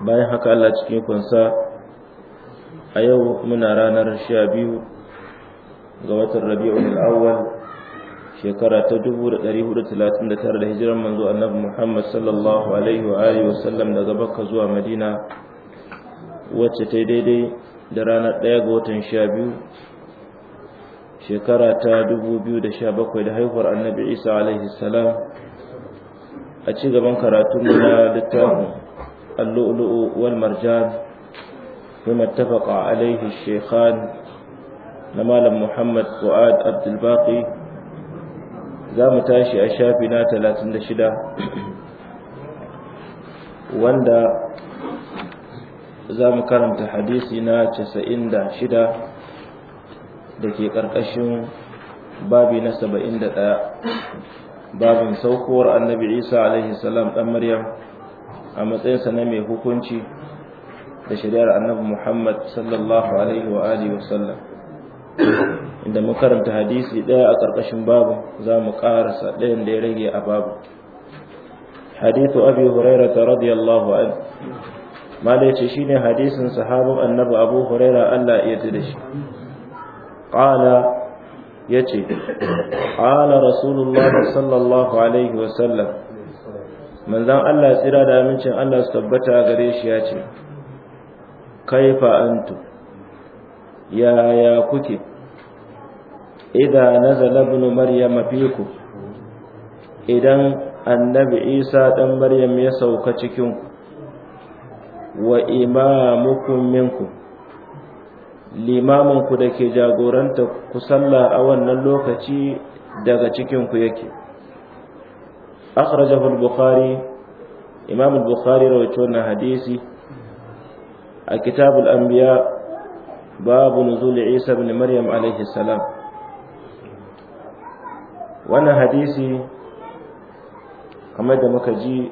bayan haka Allah cikin kunsa a yau muna ranar sha biyu ga watan rabi'un awwal shekara ta 1439 da hijiran manzo annabi Muhammad sallallahu alaihi wa alihi wa sallam daga Bakka zuwa Madina wacce ta daidai da ranar 1 ga watan Sha biyu shekara ta 2017 da haihuwar annabi Isa alaihi salam a ci gaban karatun na littafin اللؤلؤ والمرجان بما اتفق عليه الشيخان نمالا محمد فؤاد عبد الباقي زام تاشي أشافنا ثلاثين دشدا واندا زام كرمت حديثنا تسعين دشدا دكي قرقشن babi na saba'in da ɗaya babin saukowar annabi isa alaihi salam ɗan maryam a matsayinsa na mai hukunci da shari'ar annabi Muhammad sallallahu alaihi wa alihi wasallam inda mu karanta hadisi ɗaya a ƙarƙashin babu za mu ƙarasa ɗayan da ya rage a babu hadithu abi hurairah radiyallahu anhu mala yace shine hadisin sahabin annabi abu huraira Allah ya yarda da shi qala ce, qala rasulullah sallallahu alaihi wasallam Manzan Allah tsira da amincin Allah su tabbata gare shi ya ce kaifa antu ya kuke idan nazala ibn maryam fiku idan annabi isa dan maryam ya sauka cikin wa imamukum minku limamin ku ke jagoranta ku sallah a wannan lokaci daga cikinku ku yake akhrajahu al-bukhari imam al-bukhari rawaito na hadisi a kitabul anbiya babu nuzul isa ibn maryam alaihi salam wannan hadisi kamar da muka ji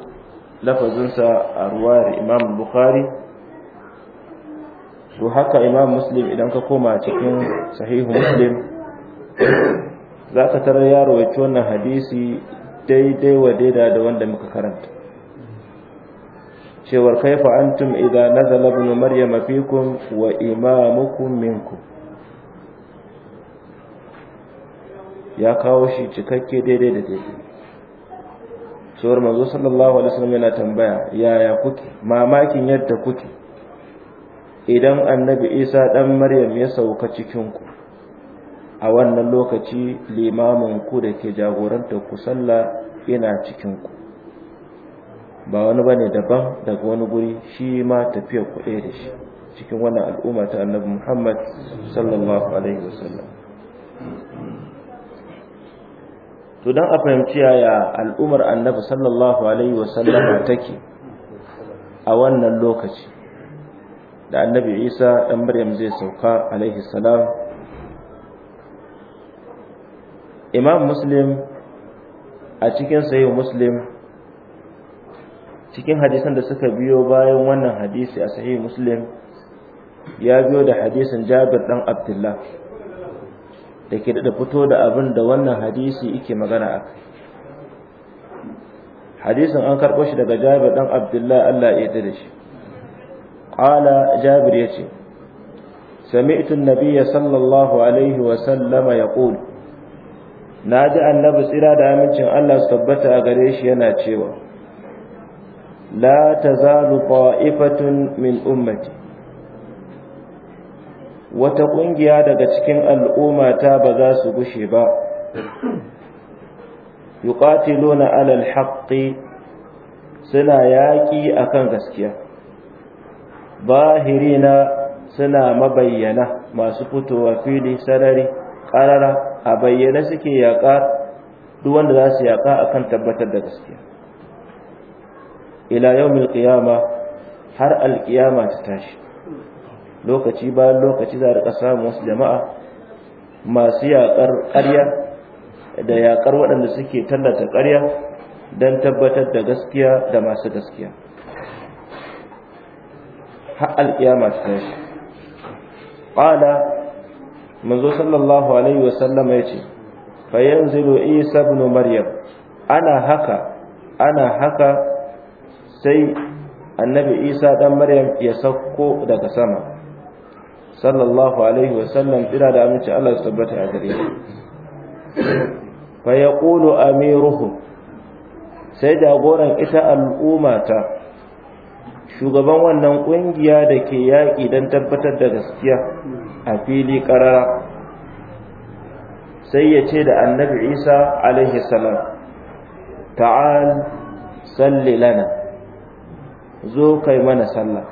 lafazinsa a ruwayar imam bukhari to haka imam muslim idan ka koma cikin sahihu muslim za ka tarar ya rawaito wannan hadisi daidai wa daida da wanda muka karanta cewar kaifa antum idza nazala ibn maryam fikum wa imamukum minkum ya kawo shi cikakke daidai da daidai cewar manzo sallallahu alaihi wasallam yana tambaya yaya kuke mamakin yadda kuke idan annabi isa dan maryam ya sauka cikin ku a wannan lokaci limamin ku da ke jagorantar ku sallah yana cikin ku ba wani bane daban daga wani guri shi ma tafiya ku ɗaya da shi cikin wannan al'umma ta annabi Muhammad sallallahu alaihi wasallam to dan a fahimci yaya al'ummar annabi sallallahu alaihi wasallam take a wannan lokaci da annabi Isa dan Maryam zai sauka alaihi salam imam muslim a cikin sayin muslim cikin hadisan da suka biyo bayan wannan hadisi a sahih muslim ya biyo da hadisin jabir dan abdullah da ke da fito da abin da wannan hadisi yake magana a kai hadisin an karɓo shi daga jabir dan abdullah allah ya yarda da shi qala jabir yace sami'tu an-nabiyya sallallahu alaihi wa sallama yaqulu na ji annabi tsira da amincin Allah su tabbata a gare shi yana cewa la tazalu qa'ifatun min ummati wata ƙungiya daga cikin al'ummata ba za su gushe ba yuqatiluna alal haƙƙi suna yaƙi akan gaskiya bahirina suna mabayyana masu fitowa fili sarari ƙarara a bayyane suke yaƙa duk wanda za su yaƙa akan tabbatar da gaskiya ila yau mil ƙiyama har alƙiyama ta tashi lokaci bayan lokaci za a samun wasu jama'a masu yaƙar ƙarya da yaƙar waɗanda suke tallata ƙarya don tabbatar da gaskiya da masu gaskiya har alƙiyama ta tashi qala manzo sallallahu alaihi wasallama ya ce fa yanzilu isa ibn maryam ana haka ana haka sai annabi isa dan maryam ya sauko daga sama sallallahu alaihi wasallam tsira da aminci Allah ya tabbata a gare shi fa yaqulu amiruhu sai jagoran ita al'umma ta shugaban wannan kungiya da ke yaƙi don tabbatar da gaskiya a fili ƙarara sai ya ce da annabi isa alaihi salam ta'al salli lana zo kai mana sallah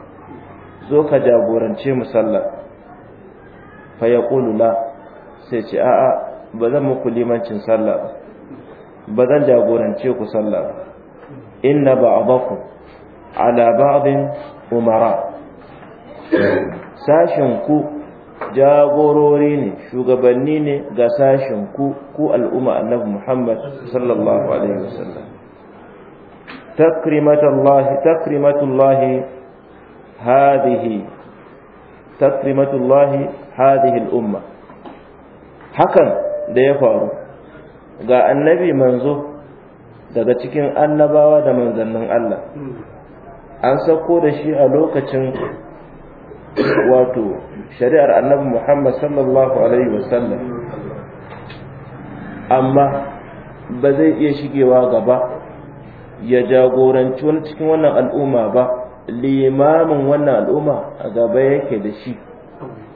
zo ka jagorance mu sallah fa ya la sai ce a'a ba zan muku limancin sallah ba ba zan jagorance ku sallah ba inna ba'dakum ala ba'din umara sashin ku jagorori ne shugabanni ne ga sashen ku ku al'umma annabi Muhammad sallallahu alaihi wasallam takrimatullahi takrimatullahi hadhihi takrimatullahi hadhihi al'umma hakan da ya faru ga annabi manzo daga cikin annabawa da manzannin Allah an sako da shi a lokacin wato shari'ar annabi Muhammad sallallahu alaihi wasallam amma ba zai iya shigewa gaba ya jagoranci wani cikin wannan al'umma ba limamin wannan al'umma a gaba yake da shi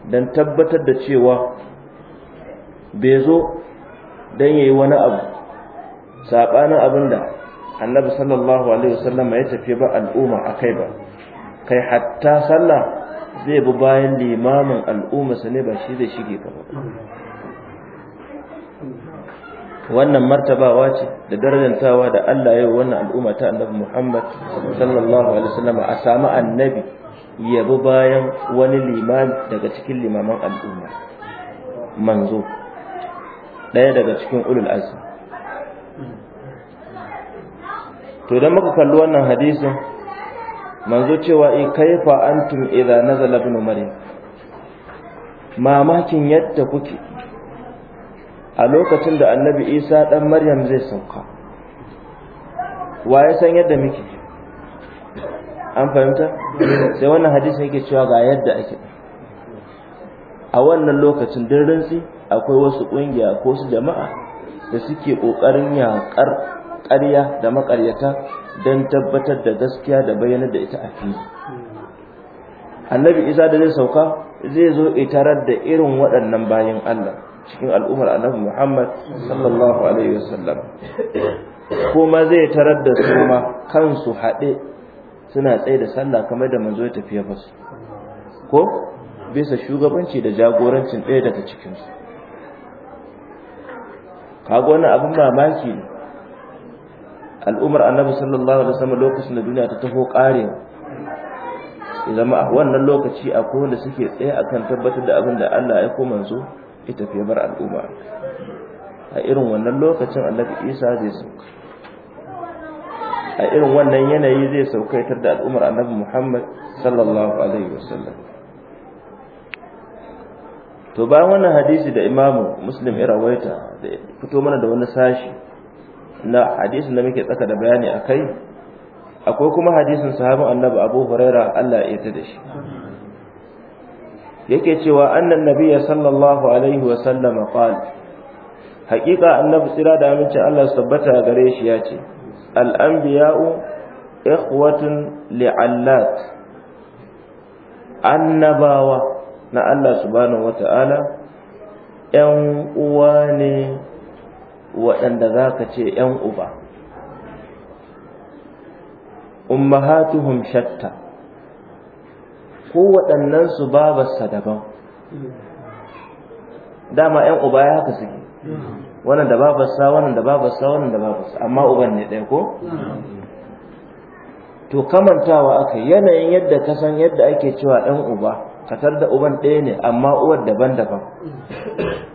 don tabbatar da cewa bai zo don yayi wani abu saɓanin abinda annabi sallallahu alaihi wasallam ya tafi ba al'umma a kai ba kai hatta sallah zai bi bayan limamin al'ummarsa ne ba shi zai shige gaba wannan martabawa ce da darajantawa da Allah yau wannan al'umma ta annabi Muhammad sallallahu alaihi wasallam a samu annabi ya bi bayan wani limami daga cikin limaman al'umma manzo daya daga cikin ulul azmi to dan muka kalli wannan hadisin manzo cewa in eh, kaifa antum idza nazala ibn maryam mamakin yadda kuke a lokacin da annabi isa dan maryam zai sauka waye san yadda muke an fahimta sai wannan hadisi yake cewa ga yadda ake a wannan lokacin din rantsi akwai wasu kungiya ko su jama'a da suke kokarin yakar ƙarya da makaryata don tabbatar da gaskiya da bayyana da ita a fili annabi isa da zai sauka zai zo itarar da irin waɗannan bayan allah cikin al'ummar annabi muhammad sallallahu alaihi wasallam kuma zai tarar da su ma kansu haɗe suna tsaye da sallah kamar da manzo ya tafiya su, ko bisa shugabanci da jagorancin ɗaya daga cikinsu kaga wannan abin mamaki ne al'umar annabi sallallahu alaihi wasallam lokacin da duniya ta taho ƙare ya zama a wannan lokaci a wanda suke tsaye akan tabbatar da abin da Allah ya koma zo ya tafi bar al'umma a irin wannan lokacin annabi Isa zai sauka a irin wannan yanayi zai saukaitar da al'umar annabi Muhammad sallallahu alaihi wasallam to bayan wannan hadisi da imamu muslim ya rawaita da fito mana da wani sashi na hadisin da muke tsaka da bayani a kai akwai kuma hadisin sahabin annabi abu huraira allah ya da shi yake cewa annan nabiya sallallahu alaihi wa sallama qal haƙiƙa annabi tsira da amincin allah su tabbata gare shi ya ce al'anbiya'u ikhwatun li'allat annabawa na allah subhanahu wata'ala ‘yan uwa ne waɗanda za ka ce ‘yan uba ummahatuhum shatta ko waɗannan su babarsa daban dama ‘yan uba ya haka suke wannan da babarsa wannan da babarsa wannan da babarsa amma uban ne ɗaya ko? to kamantawa aka yanayin yadda ka san yadda ake cewa ɗan uba katar da uban ɗaya ne amma uwar daban-daban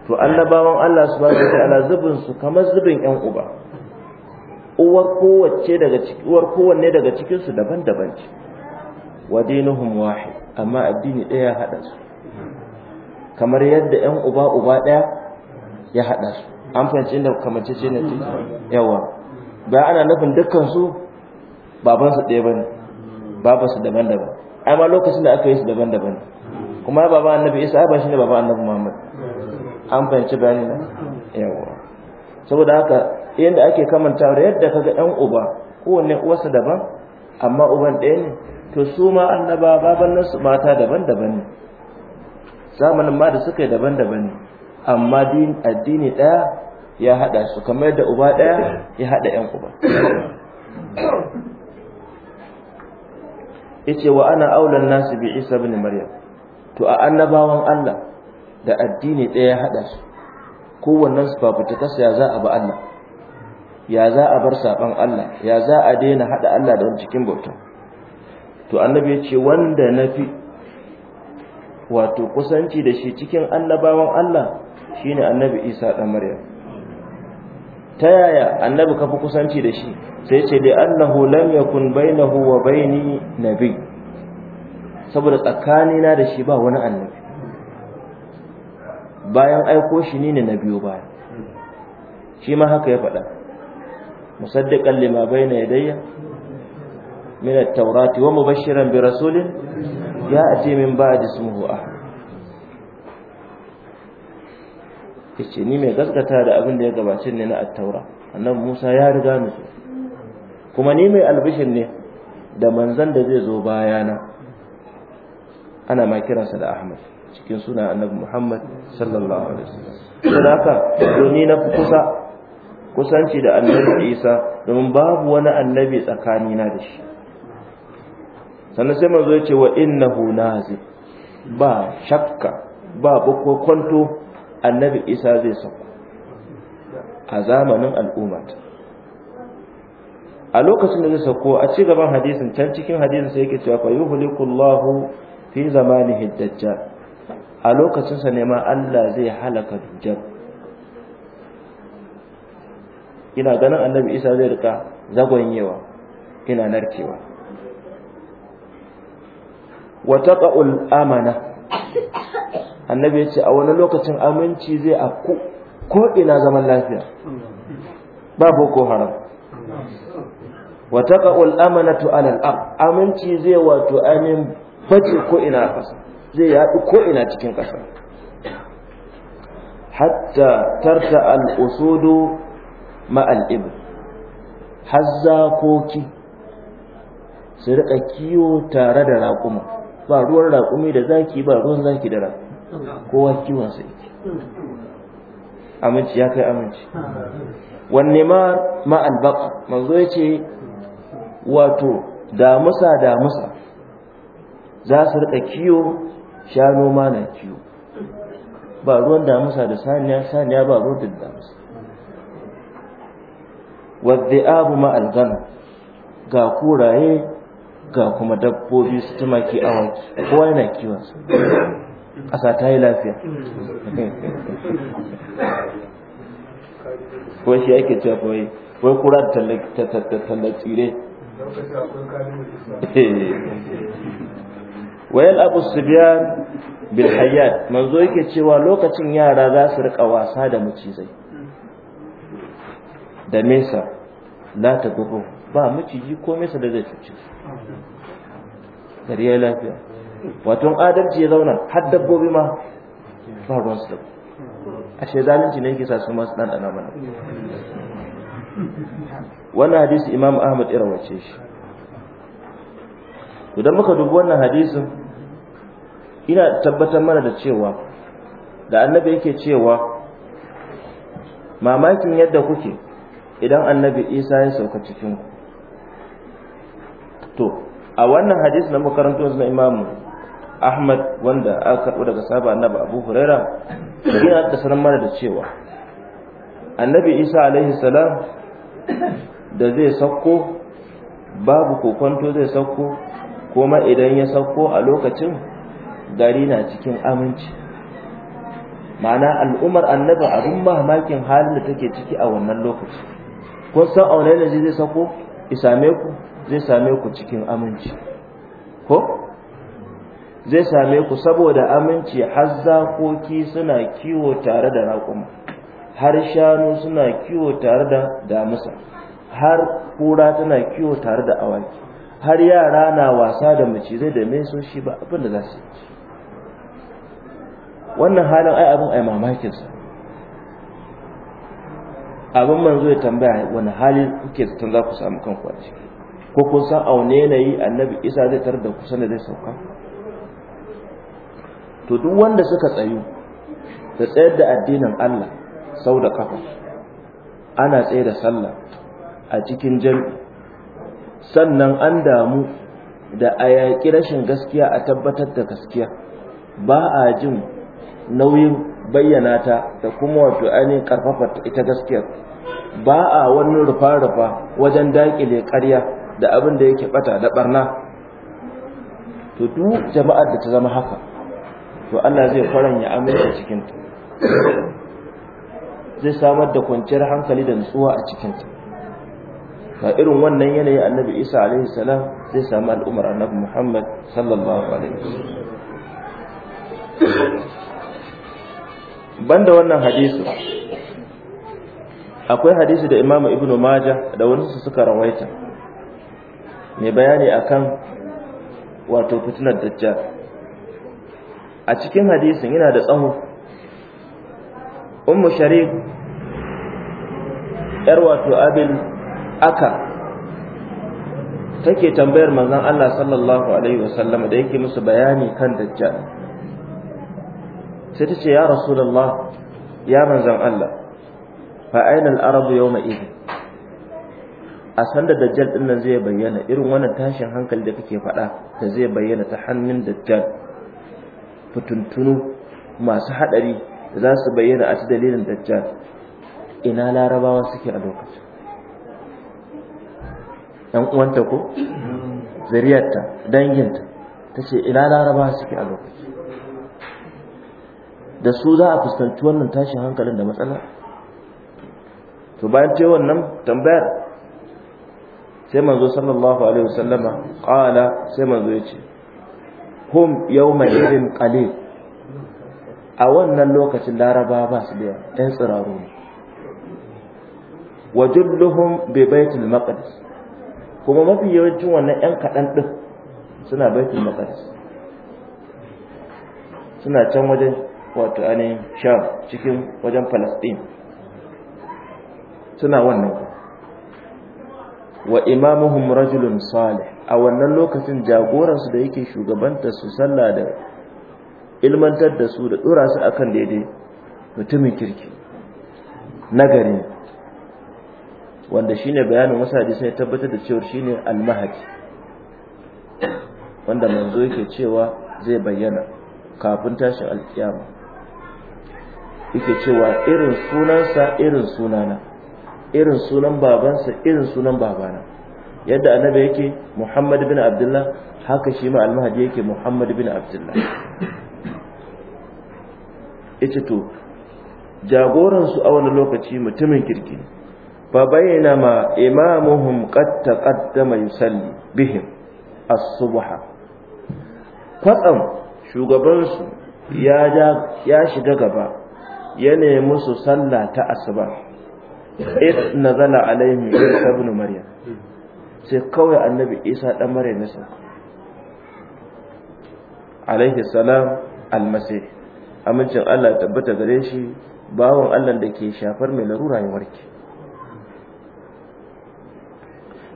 to annabawan Allah su subhanahu wataala zubin su kamar zubin ƴan uba uwar kowace daga uwar kowanne daga cikin su daban-daban ce wa dinuhum wahid amma addini ɗaya hada su kamar yadda ƴan uba uba ɗaya ya hada su an fahimci inda kamar ce na ce yawa ba ana nufin dukkan su baban su ɗaya bane baban su daban-daban amma lokacin da aka yi su daban-daban kuma baba annabi isa ba shine baba annabi muhammad an fahimci bayani na yawa saboda haka yadda ake kamanta da yadda kaga ɗan uba kowanne uwarsa daban amma uban ɗaya ne to su ma annaba baban nasu mata daban-daban ne zamanin ma da suka yi daban-daban ne amma addini ɗaya ya haɗa su kamar yadda uba ɗaya ya haɗa ƴan uba yace wa ana aulan nasu bi Isa bin Maryam to a annabawan Allah da addini ɗaya ya haɗa su kowannen su fafutukarsa ya za a ba Allah ya za a bar saɓan Allah ya za a daina haɗa Allah da wani cikin bauta to annabi ya ce wanda na fi wato kusanci da shi cikin annabawan Allah shine annabi isa ɗan maryam ta yaya annabi ka fi kusanci da shi sai ce da annahu lam yakun bainahu wa baini nabi saboda tsakani na da shi ba wani annabi bayan aiko shi ne na biyo baya shi ma haka ya faɗa musaddiqan lima bayna yadayya min at-taurati wa mubashiran bi rasulin ati min ba'di ismuhu ah kace ni mai gaskata da abin da ya gabace ne na taura, annabi Musa ya riga ni kuma ni mai albishin ne da manzon da zai zo bayana ana ma kiransa da Ahmad cikin suna annabi Muhammad sallallahu alaihi wasallam haka doni na kusa kusanci da annabi Isa domin babu wani annabi tsakani na da shi sannan sai manzo ya ce wa innahu nazil ba shakka ba bako kwanto annabi Isa zai sauko a zamanin al'umma a lokacin da zai sauko a ci gaban hadisin can cikin hadisin sai yake cewa fa yuhlikullahu fi zamani hiddajja a lokacinsa ne ma Allah zai halaka dajjal ina ganin annabi isa zai rika zagonyewa ina narkewa wa taqa'ul amana annabi ya ce a wani lokacin aminci zai afku ko ina zaman lafiya ba boko haram wa taqa'ul amanatu alal aminci zai wato amin baje ko ina a ƙasa zai yaɗu ko ina cikin ƙasa hatta tarta al'usudu ma'al ibn hazzakoki su riƙa kiwo tare da raƙuma ba ruwan raƙumi da zaki ba ruwan zaki da raƙumi kowa kiwon sa yake aminci ya kai aminci wanne ma ma'al baƙa manzo ya ce wato damusa damusa za su rika kiyo shano ma na kiyo ba ruwan damusa da saniya saniya ba ruwan da damusa wadda abu ma'al ga kuraye ga kuma dabbobi su tumaki awaki kowa yana kiwon su ƙasa ta yi lafiya ko shi ake cewa kawai wai kura da tallatsire wayal abu subyan bil hayyat manzo yake cewa lokacin yara za su rika wasa da macizai da mesa la ta gubo ba maciji ko mesa da zai cuci su kariya lafiya wato adalci ya zauna har dabbobi ma ba ruwan su ashe zalunci ne yake sa su masu dan dana mana wannan hadisi imam ahmad irawace shi idan muka dubi wannan hadisin ina tabbatar mana da cewa da annabi yake cewa mamakin yadda kuke idan annabi isa ya sauka cikin ku to a wannan hadis na makarantar na imamu ahmad wanda aka karɓo daga saba annabi abu huraira da yana da sanar mana da cewa annabi isa alaihi salam da zai sauko babu kokonto zai sauko kuma idan ya sauko a lokacin gari na cikin aminci ma'ana al'ummar annabi abin mamakin halin da take ciki a wannan lokaci kun san aure ne zai sako isame ku zai same ku cikin aminci ko zai same ku saboda aminci har suna kiwo tare da raƙuma har shanu suna kiwo tare da damusa har kura tana kiwo tare da awaki har yara na wasa da macizai da shi ba abin da za su yi wannan halin ai abin ai mamakin sa abin manzo ya tambaya wani hali kuke zaton za ku samu kanku a ciki ko kun san a wani yanayi annabi isa zai tar da kusan da zai sauka to duk wanda suka tsayu da tsayar da addinin Allah sau da kafa ana tsaye da sallah a cikin jan sannan an damu da a rashin gaskiya a tabbatar da gaskiya ba a jin nauyin bayyana ta da kuma wato ainihin karfafa ita gaskiya, ba a wani rufa-rufa wajen dakile ƙarya da abin da yake bata da barna to duk jama'ar da ta zama haka to Allah zai faranya aminci cikin ta zai samar da kwanciyar hankali da nutsuwa a cikin ta ga irin wannan yanayi annabi Isa alaihi salam zai samu al'umar annabi Muhammad sallallahu alaihi wasallam banda wannan hadisi akwai hadisi da imamu ibnu maja da wani su suka rawaita mai bayani akan wato fitinar dajjal a cikin hadisin yana da tsaho ummu sharif yar wato abin aka take tambayar manzon Allah sallallahu alaihi wasallam da yake musu bayani kan dajjal sai ta ce ya rasulullah ya manzan Allah fa aina al-arabu yawma idin a sanda dajjal din nan zai bayyana irin wannan tashin hankali da kake faɗa da zai bayyana ta hannun dajjal fituntunu masu haɗari da za su bayyana a ci dalilin dajjal ina larabawa suke a lokacin ɗan uwanta ko mm. zuriyarta danginta ta ce ina larabawa suke a lokacin da su za a fuskanci wannan tashin hankalin da matsala to bayan ce wannan tambayar sai manzo sallallahu alaihi wasallama qala sai manzo yace hum yawma idin qalil a wannan lokacin laraba ba su da ɗan tsiraro wajulluhum bi baitul maqdis kuma mafi yawancin wannan ɗan kaɗan ɗin suna baitul maqdis suna can wajen wato ainihin sham cikin wajen palestine suna wannan wa imamuhum rajulun salih a wannan lokacin jagoransu da yake shugabanta su sallah da ilmantar da su da dora su akan daidai mutumin kirki nagari wanda shine bayanin wasu hadisi ne tabbatar da cewa shine almahdi wanda manzo yake cewa zai bayyana kafin tashin alkiyama yake cewa irin sunansa irin sunana irin sunan babansa irin sunan babana yadda annabi yake Muhammad bin Abdullah haka shi ma almahdi yake Muhammad bin Abdullah yace to jagoran su a wani lokaci mutumin kirki fa bayyana ma imamuhum qad taqaddama yusalli bihim as-subha kwatsam shugabansu ya shiga gaba yana yi musu sallah ta asuba id nazala alaihim isa ibn mariya sai kawai annabi isa ɗan mara ya sauka alaihi salam almasih amincin Allah tabbata gare shi bawon Allah da ke shafar mai larura ya warke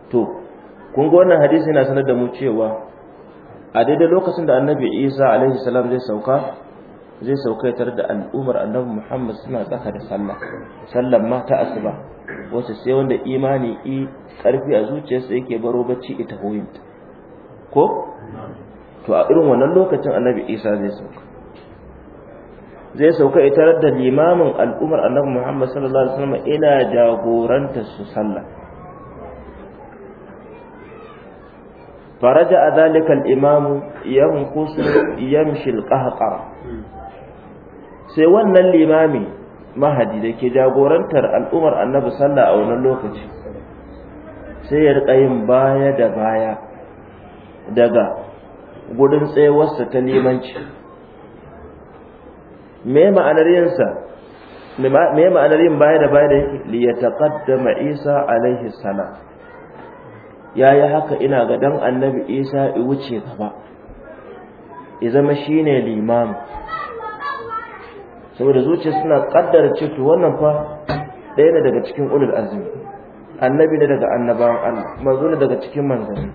to kun ga wannan hadisi yana sanar da mu cewa a daidai lokacin da annabi isa alaihi salam zai sauka zai saukaitar da al'umar annabi Muhammad suna tsaka da sallah sallan ma ta asuba wasu sai wanda imani i karfi a zuciyarsa yake baro bacci ita hoyinta ko to a irin wannan lokacin annabi Isa zai sauka zai sauka ita da limamin al'umar annabi Muhammad sallallahu alaihi wasallam ila jagoranta su sallah faraja a zalikal imamu yamkusu yamshil qahqara sai wannan limami mahadi da ke jagorantar al'umar annabi sallah a wannan lokaci sai ya riƙa yin baya da baya daga gudun tsayawarsa ta limanci me ma'anar ma'anar yin baya da baya da yake li yataqaddama Isa alaihi ya yi haka ina ga dan annabi Isa i wuce gaba izama zama shine limami saboda zuciya suna kaddara ce to wannan fa ɗaya ne daga cikin ulul azmi annabi ne daga annabawan Allah manzo ne daga cikin manzanni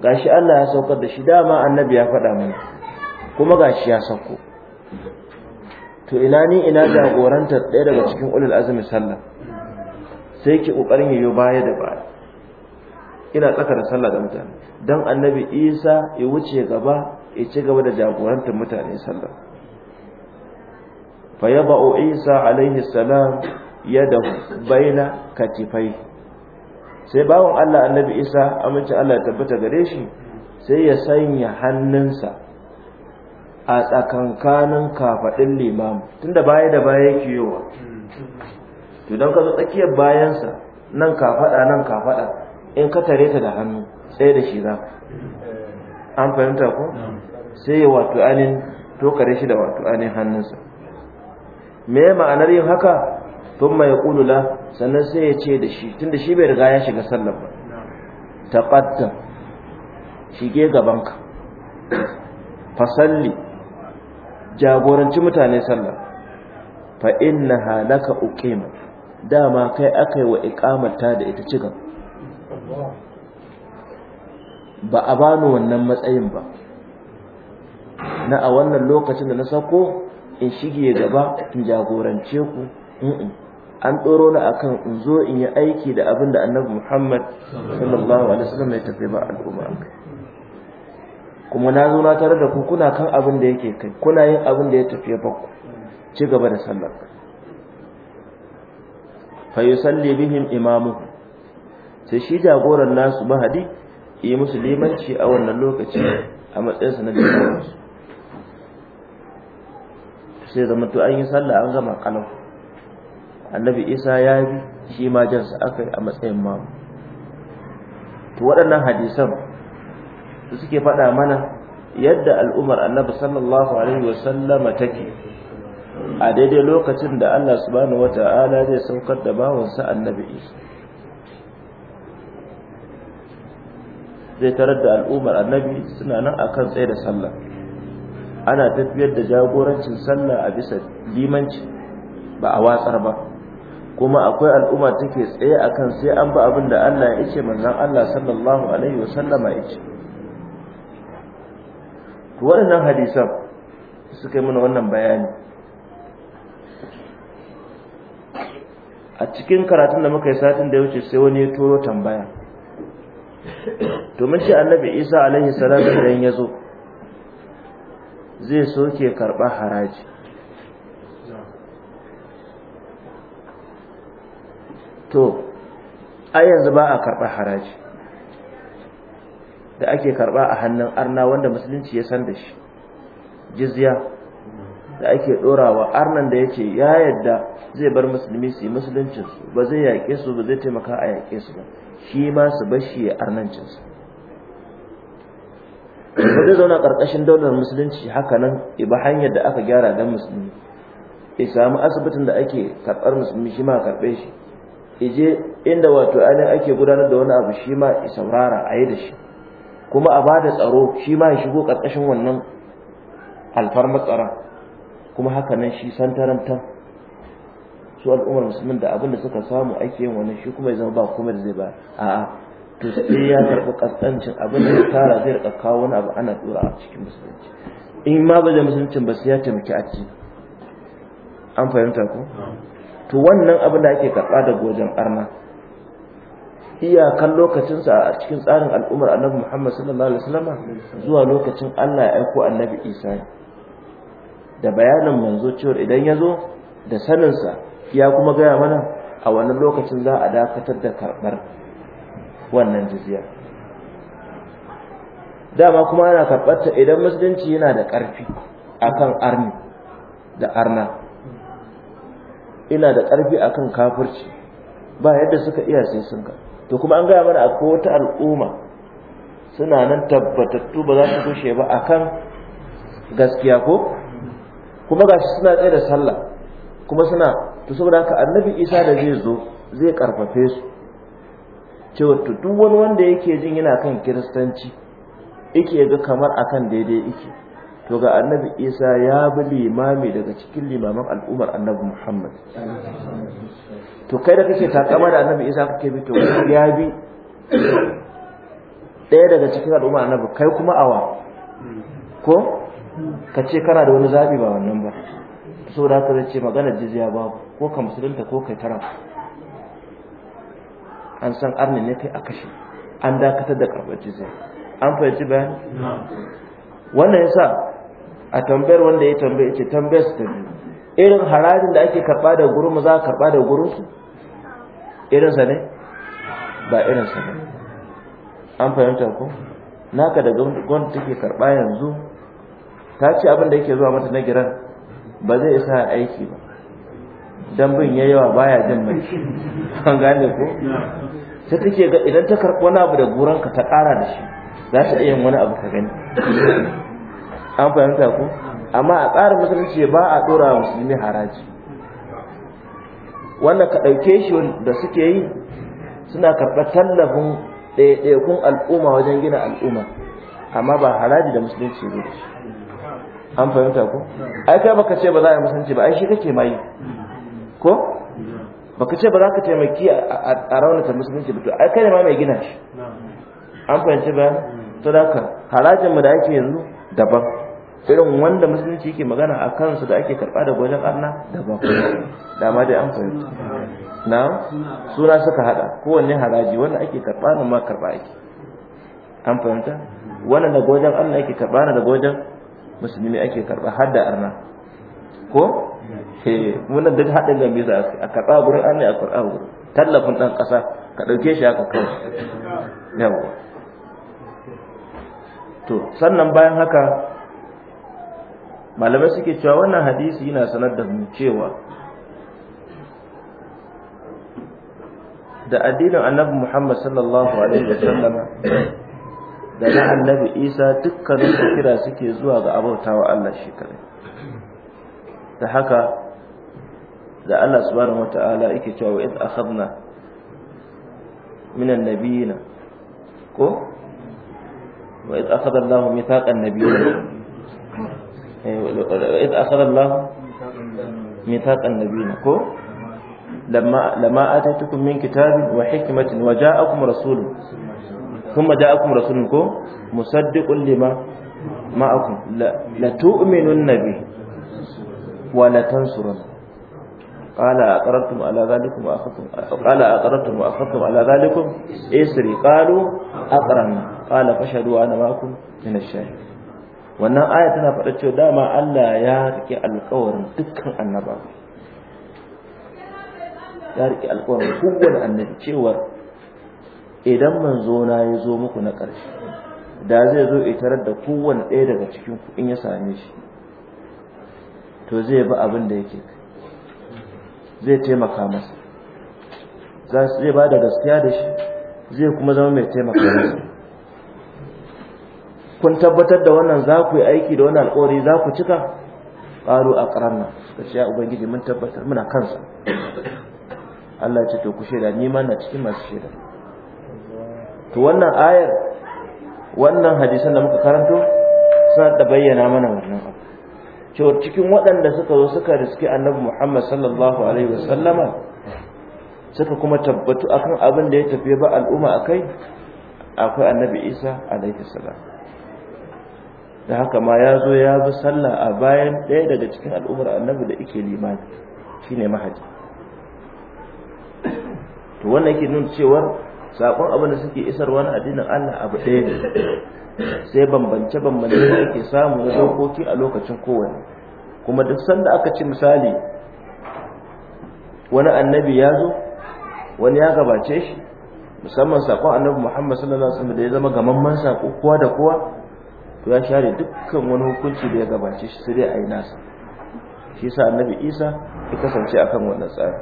gashi Allah ya saukar da shi dama annabi ya faɗa mana kuma gashi ya sauko to ina ni ina jagoranta ɗaya daga cikin ulul azmi sallah sai ki kokarin yayo baya da baya ina tsaka da sallah da mutane dan annabi Isa ya wuce gaba ya ci gaba da jagorantar mutane sallah fa yada'u Isa alaihi salam yadahu baina katifai sai bawon Allah annabi Isa amince Allah ya tabbata gare shi sai ya sanya hannunsa a tsakankanin kafadin limam tunda baya da baya yake yowa to dan ka zo tsakiyar bayansa nan kafada nan kafada in ka tare ta da hannu sai da shi za an fahimta ko sai wato anin to kare shi da wato anin hannunsa me ma'anar yin haka tun mai ƙulula sannan sai ya ce da shi tun da shi bai riga ya shiga sallar ba Ta ɓata, shige gabanka fasalli jagoranci mutane sallar fa inna halaka uqima dama kai aka yi wa iƙamata da ita cigan ba a bani wannan matsayin ba na a wannan lokacin da na sako in shige gaba in jagorance ku an ɗoro ni akan in zo in yi aiki da abin da annabi Muhammad sallallahu alaihi wasallam ya tafi ba al'umma kuma na zo na tare da ku kuna kan abin da yake kai kuna yin abin da ya tafi ba ku ci gaba da sallar fa yusalli bihim imamu sai shi jagoran nasu mahadi yi musu limanci a wannan lokaci a matsayinsa na jagoransu sai zama to an yi sallah an gama kalau annabi isa ya bi shi ma jansa aka yi a matsayin mamu to waɗannan hadisan suke faɗa mana yadda al'umar annabi sallallahu alaihi wasallama take a daidai lokacin da Allah subhanahu ta'ala zai saukar da bawansa annabi isa zai tarar da alumar annabi suna nan akan tsaye da sallah ana tafiyar da jagorancin sallah a bisa limanci ba a watsar ba kuma akwai al'umma take tsaye akan sai an ba abin da Allah ya ce manzon Allah sallallahu alaihi wasallama ya ce waɗannan hadisan suka yi mana wannan bayani a cikin karatun da muka yi satin da ya wuce sai wani ya toro tambaya to mun ce annabi Isa alaihi salatu da ya zo zai soke karɓa haraji to ai yanzu ba a karɓa haraji da ake karɓa a hannun arna wanda musulunci ya san da shi jizya da ake ɗorawa arnan da ya ce ya yadda zai bar musulmi su yi musuluncinsu ba zai yaƙe su ba zai taimaka a yaƙe su ba shi ma su bashi ya arnancinsu da zai zauna ƙarƙashin daular musulunci haka nan ba hanyar da aka gyara don musulmi ya samu asibitin da ake karɓar musulmi shi ma karɓe shi ije inda wato ainihin ake gudanar da wani abu shi ma ya saurara a yi da shi kuma a ba da tsaro shi ma ya shigo ƙarƙashin wannan alfarmar tsaron kuma haka nan shi santarantar su al'ummar musulmin da abin da suka samu ake yin wannan shi kuma ya zama ba komai da zai ba a'a to sai ya karɓi kasancin abin da ya tara zai rika kawo wani abu ana tsura a cikin musulunci in ma ba da musuluncin ba sai ya taimaki ciki an fahimta ko to wannan abin da ake karɓa daga wajen arna iyakan lokacinsa a cikin tsarin al'ummar annabi Muhammad sallallahu alaihi wasallam zuwa lokacin Allah ya aiko annabi Isa da bayanin manzo cewa idan ya zo da saninsa ya kuma gaya mana a wannan lokacin za a dakatar da karɓar wannan jizya dama kuma ana karɓarta idan musulunci yana da ƙarfi akan arni da arna ina da ƙarfi akan kafirci ba yadda suka iya sai sun ga to kuma an gaya mana akwai wata al'umma suna nan tabbatattu ba za su kushe ba akan gaskiya ko kuma shi suna tsaye da sallah kuma suna to saboda haka annabi isa da zai zo zai karfafe su cewa to duk wani wanda yake jin yana kan kiristanci yake ga kamar akan daidai yake to ga annabi isa ya bi limami daga cikin limaman al'ummar annabi muhammad to kai da kake takama da annabi isa kake bi to ya bi ɗaya daga cikin al'ummar annabi kai kuma awa ko ka ce kana da wani zaɓi ba wannan ba saboda haka zai ce magana jizya ba ko ka musulunta ko kai tara an san arni ne kai a kashe an dakatar da karɓar jizya an fahimci bayani wannan ya sa a tambayar wanda ya tambaye ce tambayar su ta biyu irin harajin da ake karɓa da gurinmu mu za a karɓa da gurin su irinsa ne ba irinsa ne an fahimta ko naka da gwamnati take karɓa yanzu ta ce abin da yake zuwa mata na giran ba zai isa aiki ba dambin ya yawa baya jin mai an gane ko sai take ga idan ta karɓi wani abu da guranka ta ƙara da shi za ta iya yin wani abu ka gani an fahimta ko amma a tsarin musulunci ba a ɗora musulmi haraji wannan ka ɗauke shi da suke yi suna karɓar tallafin ɗaiɗaikun al'umma wajen gina al'umma amma ba haraji da musulunci ne an fahimta ko ai kai baka ce ba za a yi musulunci ba ai shi kake mai ko baka ce ba za ka taimaki a raunata musulunci ba a ai kai ne ma mai gina shi an fahimci ba ta da harajinmu da ake yanzu daban irin wanda musulunci yake magana a kansu da ake karɓa da gwajin arna daban dama dai an fahimci na suna suka hada kowanne haraji wanda ake karɓa na ma karɓa ake an fahimta wanda da gwajin arna ake karɓa na da gwajin musulmi ake karɓa har da arna ko eh wannan duk haɗin da za a karɓa gurin an ne a karɓa gurin tallafin ɗan ƙasa ka ɗauke shi haka kawai yawa to sannan bayan haka malamai suke cewa wannan hadisi yana sanar da mu cewa da addinin annabi Muhammad sallallahu alaihi sallama da na annabi Isa dukkanin su kira suke zuwa ga abautawa Allah shi kadai ta haka da Allah subhanahu wata'ala yake cewa wa id akhadna minan nabiyina ko wa id akhadha Allahu mithaqan nabiyina eh, wa id akhadha Allahu mithaqan nabiyina ko lamma lamma atatukum min kitabin wa hikmatin wa ja'akum rasulun thumma ja'akum rasulun ko musaddiqun lima ma'akum la tu'minun nabiyina wala tansurun qala aqrartum ala zalikum wa akhadtum qala aqrartum wa akhadtum ala zalikum isri qalu aqranna qala fashhadu ana ma'akum min ash-shahid wannan aya tana faɗa cewa dama Allah ya rike alƙawarin dukkan annaba ya rike alƙawarin kowane annabi cewa idan manzo na ya zo muku na ƙarshe da zai zo itarar da kowane ɗaya daga cikin ku in ya same shi to zai bi abin da yake zai taimaka masa zai ba da gaskiya da shi zai kuma zama mai taimaka masa kun tabbatar da wannan za ku yi aiki da wannan alƙawari za ku cika ƙaru a nan suka ce ya ubangiji mun tabbatar muna kansa Allah ce to ku shaida ni ma na cikin masu shaida to wannan ayar wannan hadisan da muka karanto suna da bayyana mana wannan abu cewa cikin waɗanda suka zo suka riski annabi Muhammad sallallahu alaihi wasallama suka kuma tabbatu akan abin da ya tafi ba al'umma akai akwai annabi Isa alaihi salam da haka ma ya zo ya bi sallah a bayan ɗaya daga cikin al'ummar annabi da yake limani shine mahadi to wannan yake nuna cewa sakon abin da suke isar wani addinin Allah abu ɗaya ne sai bambance bambance da ake samu na dokoki a lokacin kowanne kuma duk sanda aka ci misali wani annabi ya zo wani ya gabace shi musamman sakon annabi Muhammad sallallahu alaihi wasallam da ya zama gamamman sako kowa da kowa to ya share dukkan wani hukunci da ya gabace shi sai dai yi nasa shi yasa annabi Isa ya kasance akan wannan tsari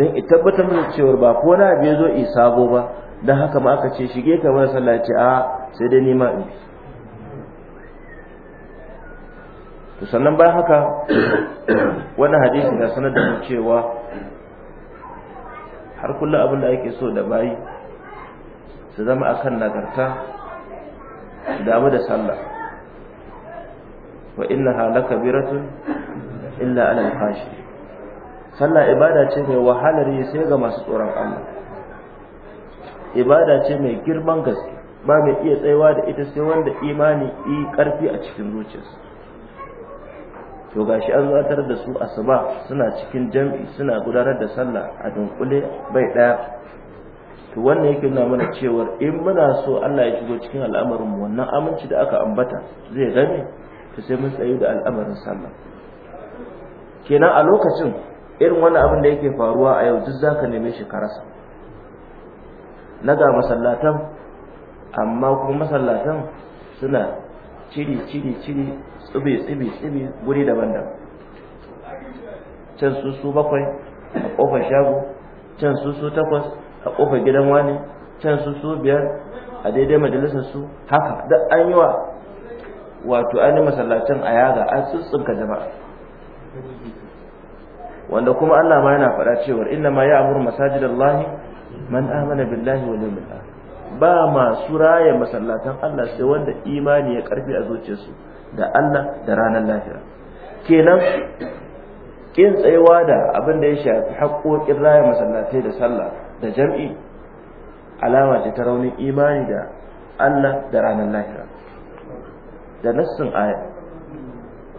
dan ita tabbatar da cewa ba ko na abu ya zo isa go ba dan haka ma aka ce shige ka mana sallah ce a sai dai nima in bi to sannan bayan haka wani hadisi na sanar da mu cewa har kullum abin da ake so da bayi su zama akan nagarta damu da sallah wa innaha lakabiratun illa alal fashi sallah ibada ce mai wahalar yi sai ga masu tsoron Allah ibada ce mai girman gaske ba mai iya tsayawa da ita sai wanda imani yi karfi a cikin zuciyarsa to gashi an zatar da su asuba suna cikin jam'i suna gudanar da sallah a dunkule bai daya to wannan yake nuna mana cewar in muna so Allah ya shigo cikin al'amarin mu wannan aminci da aka ambata zai gane to sai mun tsayu da al'amarin sallah kenan a lokacin irin wannan abin da yake faruwa a yau duk zaka neme shi ka na ga masallatan amma kuma masallatan suna ciri ciri ciri tsibe tsibe tsibe guri daban-daban can su su bakwai a kofar shago can su su takwas a kofar gidan wani can su su biyar a daidai majalisar su haka Da an yi wa wato ainihin masallacin a yaga an tsuntsunka jama'a wanda kuma Allah ma yana faɗa cewar inna ma ya amur lahi man amana billahi wa yawmil akhir ba masu raya masallatan Allah sai wanda imani ya karfi a zuciyarsu da Allah da ranar lafiya kenan kin tsayawa da abin da ya shafi haƙoƙin raya masallatai da sallah da jam'i alama ce ta raunin imani da Allah da ranar lafiya da nassin aya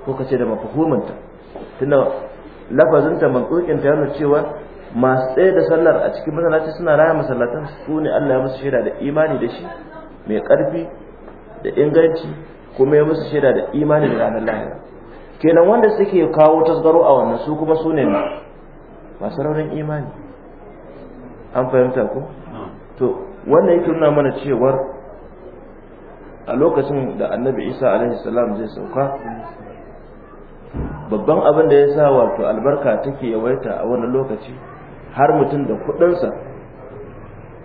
ko kace da mafahuminta tunda lafazinta ta yana cewa masu tsaye da sallar a cikin masallaci suna raya masallatan su ne Allah ya musu shaida da imani da shi mai karfi da inganci kuma ya musu shaida da imani da ranar lahira kenan wanda suke kawo tasgaro a wannan su kuma su ne masu raunin imani an fahimta ko to wannan yake nuna mana cewar a lokacin da annabi isa alaihi salam zai sauka babban abin da ya sa wato albarka take yawaita a wannan lokaci har mutum da kuɗinsa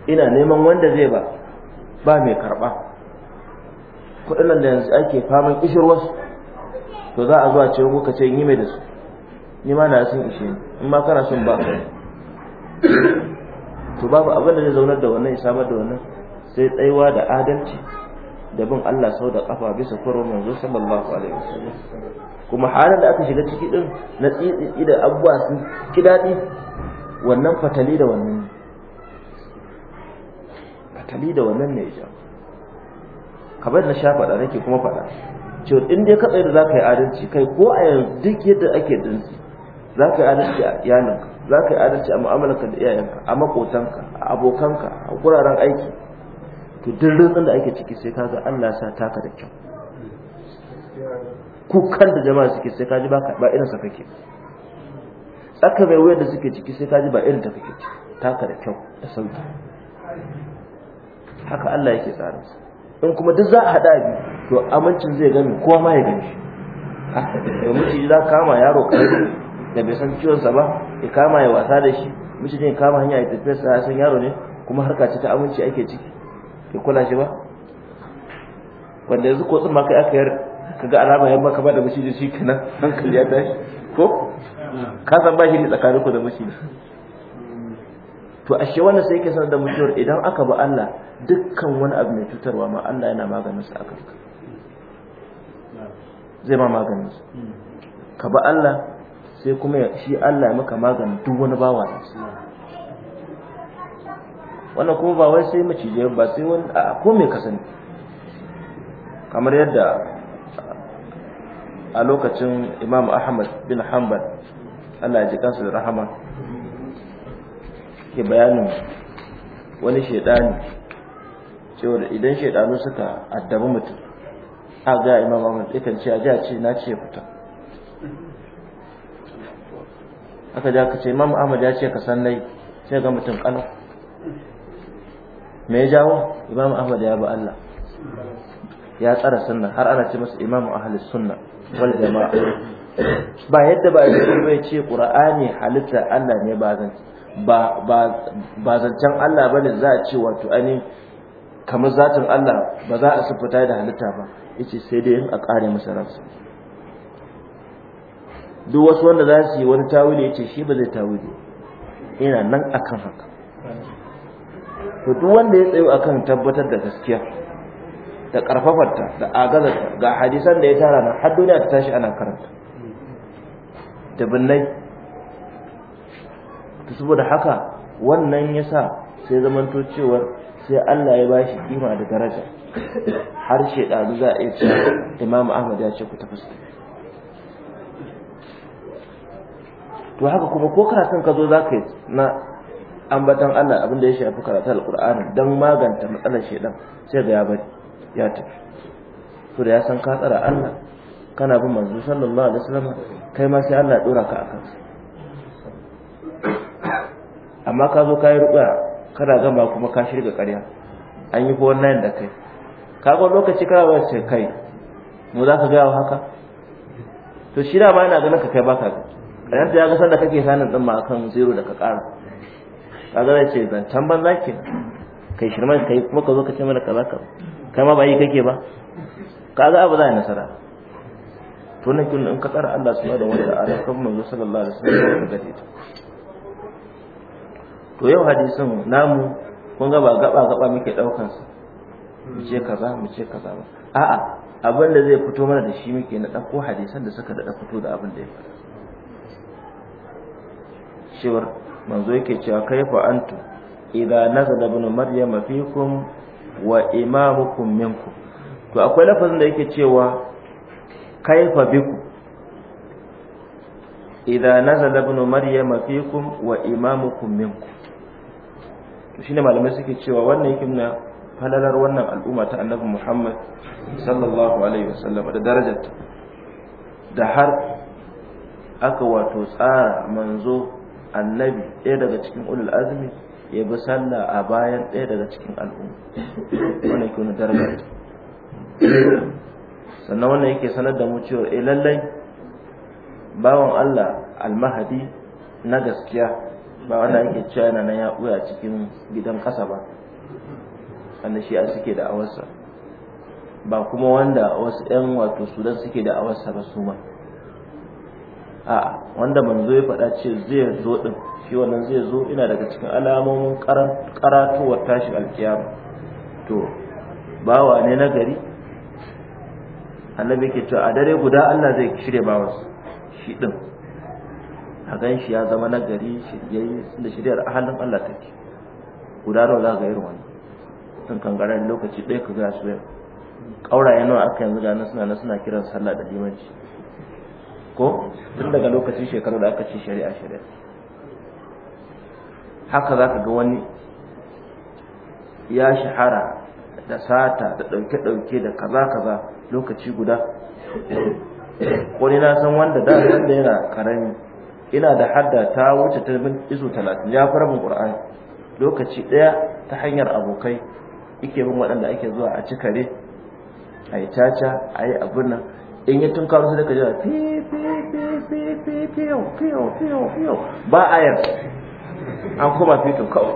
ina neman wanda zai ba ba mai karba kuɗin nan da yanzu ake faman kishirwarsu to za a zuwa ce kuka ce yi mai da su ni ma na sun ishe in ma kana son ba to babu abin da zai zaunar da wannan samar da wannan sai tsaiwa da adalci da bin Allah sau da kafa bisa koron manzo sallallahu alaihi wasallam kuma halin da aka shiga ciki din na tsitsi da abubuwa sun ki daɗi wannan fatali da wannan fatali da wannan ne ja kamar na sha faɗa nake kuma faɗa cewa in dai katsai da za ka yi adalci kai ko a yanzu duk yadda ake dinsu za ka yi adalci a yananka, za ka yi adalci a mu'amalarka da iyayenka a makotanka a abokanka a guraren aiki to duk rinzin da ake ciki sai kaga Allah sa taka da kyau kukan da jama'a suke sai kaji ba irin sa kake tsaka mai wuyar da suke ciki sai ka ji ba irin ta kake taka da kyau da sauta haka Allah yake tsarin su in kuma duk za a haɗa biyu to amincin zai gani kowa ma ya gani shi to miji za kama yaro kai da bai san ciwon sa ba ya kama ya wasa da shi miji ne kama hanya ya tafi sa ya san yaro ne kuma harka ce ta aminci ake ciki ke kula shi ba wanda yanzu ko tsin ma kai aka yar kaga alama yamma ka ba da miji shi kenan hankali ya tashi ko ka san ba shi ne tsakanin ku da maciji to ashe wannan sai yake sanar da mutuwar idan aka ba Allah dukkan wani abu mai cutarwa ma Allah yana maganin sa akan ka zai ma maganin sa ka ba Allah sai kuma shi Allah ya maka maganin duk wani bawa da wannan kuma ba wai sai macijiyar ba sai wani a ko mai kasance kamar yadda a lokacin imam ahmad bin hanbal Allah ya ji kansu da rahama ke bayanin wani shaidani cewa idan shaidanu suka addabi mutum a ga imam Ahmad yakan ce a ji a ce na ce fita aka ja ka ce imam Ahmad ya ce ka san nai sai ga mutum kalau me ya jawo imam Ahmad ya bi Allah ya tsara sunna har ana ce masa imam ahlus sunna wal jama'a ba yadda ba yadda bai ce qur'ani halitta Allah ne ba zan Allah ba ne Allah za a ce wato ani kamar zatin Allah ba za a siffata da halitta ba ce sai dai a ƙare masa ransa duk wasu wanda za su yi wani tawili ce shi ba zai tawili ina nan akan haka to duk wanda ya tsayo akan tabbatar da gaskiya da ƙarfafarta, da agazarta ga hadisan da ya tara na har duniya ta tashi ana karanta dubunnai to saboda haka wannan yasa sai zamanto cewar sai Allah ya bashi kima da daraja har shedanu za a ce Imam Ahmad ya ce ku tafi to haka kuma ko karatun ka zo zaka yi na ambatan Allah abin da ya shafi karatun alkur'ani don maganta matsalar shedan sai ga ya bari ya tafi to da ya san ka tsara Allah kana bin manzo sallallahu alaihi wasallam kai ma sai Allah ya dora ka akan su amma ka zo kai ruba ruɓa kana gama kuma ka shirga ƙarya an yi ko nan da kai ka ga lokaci kana ba ce kai mu za ka gaya wa haka to shi dama yana ganin ka kai baka ga ƙaryar ta ya ga sanda kake sanin din ma akan zero da ka ƙara ka ga ce zancen ban zaki kai shirman kai kuma ka zo ka ce mana kaza zaka kai ma ba yi kake ba ka ga abu za ya nasara to nan kin in ka tsara Allah wanda a ta'ala kan manzo sallallahu alaihi wasallam ka gade ta to yau hadisin namu kun ga ba gaba gaba muke daukan su mu ce kaza mu ce kaza ba a'a abin da zai fito mana da shi muke na dauko hadisan da suka da fito da abin da ya faru shiwar manzo yake cewa kaifa antu idza nazala ibn maryama fikum wa imamukum minkum to akwai lafazin da yake cewa kaifa biku idza nazala ibn maryama fikum wa imamukum minkum to shine malamai suke cewa wannan yake nuna falalar wannan al'umma ta annabi Muhammad sallallahu alaihi wasallam da darajarta da har aka wato tsara manzo annabi ɗaya daga cikin ulul azmi ya bi sallah a bayan ɗaya daga cikin al'umma wannan yake nuna darajarta sannan wannan yake sanar da mu cewa eh lallai bawan Allah almahadi na gaskiya ba wanda yake cewa yana nan ya buya cikin gidan kasa ba wanda shi a suke da awarsa ba kuma wanda wasu 'yan wato su sudan suke da awarsa ba su ma a wanda manzo ya faɗa ce zai zo din shi wannan zai zo ina daga cikin alamomin karatuwar tashin alkiyama to bawa ne na gari annabi yake cewa a dare guda Allah zai shirya wasu shi din a gan shi ya zama nagari shiryayi da shiryar ahalin Allah take guda nawa za ka irin wani sun kangaren lokaci ɗaya ka ga su yau ƙauraye nawa aka yanzu ga suna na suna kiran sallah da limanci ko tun daga lokacin shekaru da aka ce shari'a shari'a haka za ka ga wani ya shahara da sata da ɗauke-ɗauke da kaza-kaza lokaci guda wani na san wanda da wanda yana karami ina da hadda ta wuce ta bin iso talatin ya fara bin ƙur'ani lokaci ɗaya ta hanyar abokai ike bin waɗanda ake zuwa a ci kare a yi caca a yi abin nan in yi tun karo su daga jira fiyo ba ayar an koma fito kawai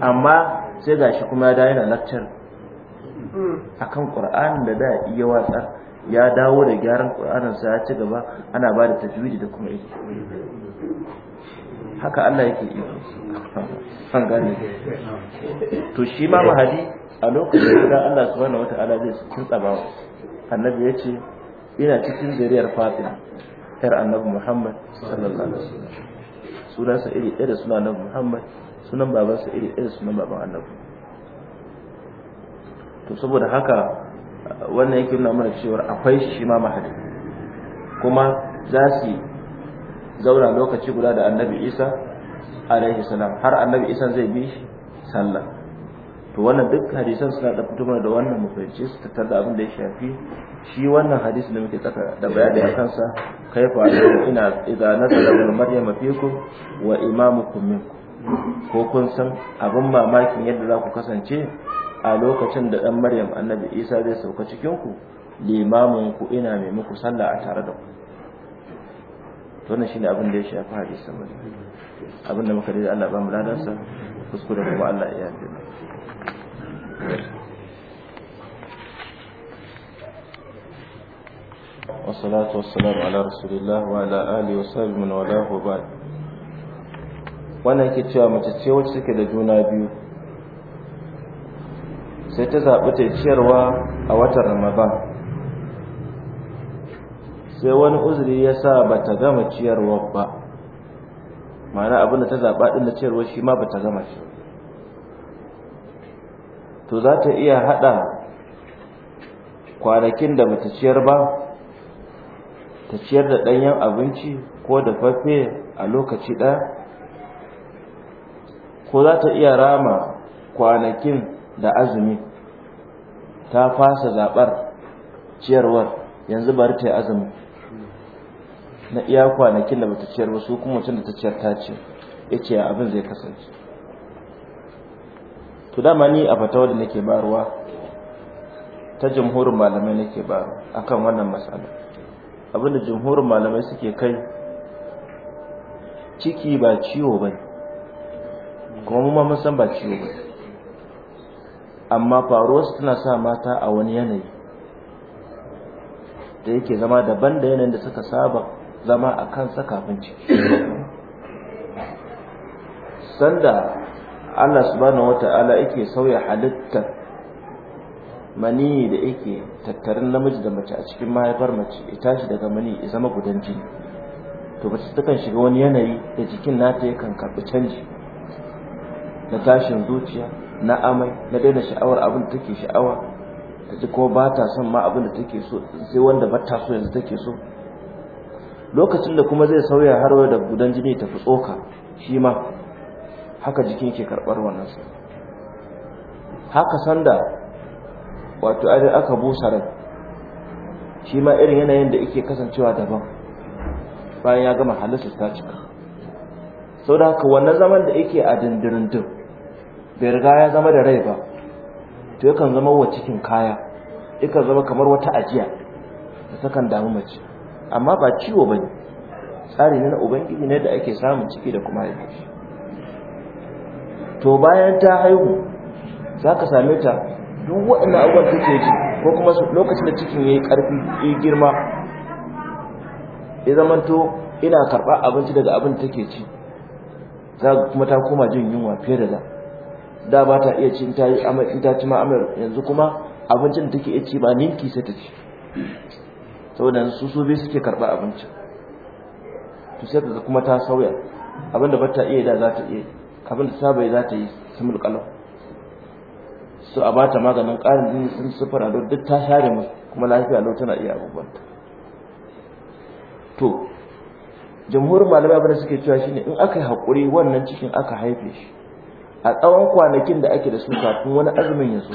amma sai gashi kuma ya dawo da lakcar kan qur'anin da da iya watsar ya dawo da gyaran qur'anin sa ya ci gaba ana ba da tajwidi da kuma iya haka Allah yake iya san gane to shi ma mahadi a lokacin da Allah wata ala zai kinsa ba annabi ce ina cikin zuriyar fatin yar annabi Muhammad sallallahu alaihi wasallam sunansa iri ɗaya da suna annabi Muhammad sunan babansa iri irin sunan baban annabi to saboda haka wannan yake nuna mana cewa akwai shi ma mahadi kuma za su zauna lokaci guda da annabi isa alaihi salam har annabi isa zai bi sallah to wannan duk hadisan suna da fito da wannan mafarki su tattar da abin da ya shafi shi wannan hadis da muke tsaka da bayani a kansa kaifa ina idza nazala maryam fiikum wa imamukum minkum ko kun san abin mamakin yadda za ku kasance a lokacin da ɗan maryam annabi isa zai sauka cikinku limamin ku ina mai muku sallah a tare da ku to shi ne abin da ya shafi hadisa mai abin da muka da Allah ba mu ladarsa kuskure kuma Allah ya yafe wasu والصلاة ala rasulillah wa الله وعلى آله وصحبه من والاه وبعد wannan yake cewa mace ce wacce take da juna biyu sai ta zaɓi ta ciyarwa a watan ramadan sai wani uzuri ya sa ba ta gama ciyarwa ba ma'ana abin da ta zaɓa ɗin da ciyarwa shi ma ba ta gama shi to za ta iya haɗa kwanakin da bata ciyar ba ta ciyar da ɗanyen abinci ko da fafe a lokaci ɗaya ko za ta iya rama kwanakin da azumi ta fasa zaɓar ciyarwar yanzu bari ta yi azumi na iya kwanakin da bata ciyar wasu, su kuma wacin da ta ciyar ta ce ya ce abin zai kasance to dama ni a fata wadda nake baruwa ta jamhurin malamai nake baro, akan wannan matsala abinda jamhurin malamai suke kai ciki ba ciwo bane kuma mu ma mun san ba ciwo ba amma faruwarsu tana sa mata a wani yanayi da yake zama daban da yanayin da suka saba zama a kansa kafin ciki sanda Allah subhanahu wata'ala yake sauya halittar mani da yake tattarin namiji da mace a cikin mahaifar mace ya tashi daga mani ya zama gudan jini to mace takan shiga wani yanayi da jikin nata yakan karɓi canji na tashin zuciya na amai na daina sha'awar abin da take sha'awa ta ji ko ba ta son ma abin da take so sai wanda ba ta so yanzu take so lokacin da kuma zai sauya har da gudan jini tafi tsoka shi ma haka jikin ke karɓar wannan su. haka sanda wato ai aka busa rai shi ma irin yanayin da yake kasancewa daban bayan ya gama halittar ta cika sau da haka wannan zaman da yake a dindirindin bai riga ya zama da rai ba to yakan zama wa cikin kaya ika zama kamar wata ajiya da sakan damu mace amma ba ciwo bane tsari ne na ubangiji ne da ake samun ciki da kuma haihuwa to bayan ta haihu zaka same ta duk waɗannan abubuwan take ji ko kuma lokacin da cikin yayi karfi yi girma ya to ina karɓa abinci daga abin take ci za kuma ta koma jin yunwa fiye da za da ba ta iya cin ta yi in ta ci ma amai yanzu kuma abincin da take iya ci ba ninki sai ta ci saboda su su bi suke karba abincin to sai ta kuma ta sauya abinda ba ta iya da za ta iya abinda saba za ta yi sumul kalau su a ta maganin ƙarin jini sun sufura don duk ta share mu kuma lafiya lau tana iya abubuwan to jamhurin malamai abin da suke cewa shine in aka yi haƙuri wannan cikin aka haife shi a tsawon kwanakin da ake da su kafin wani azumin ya zo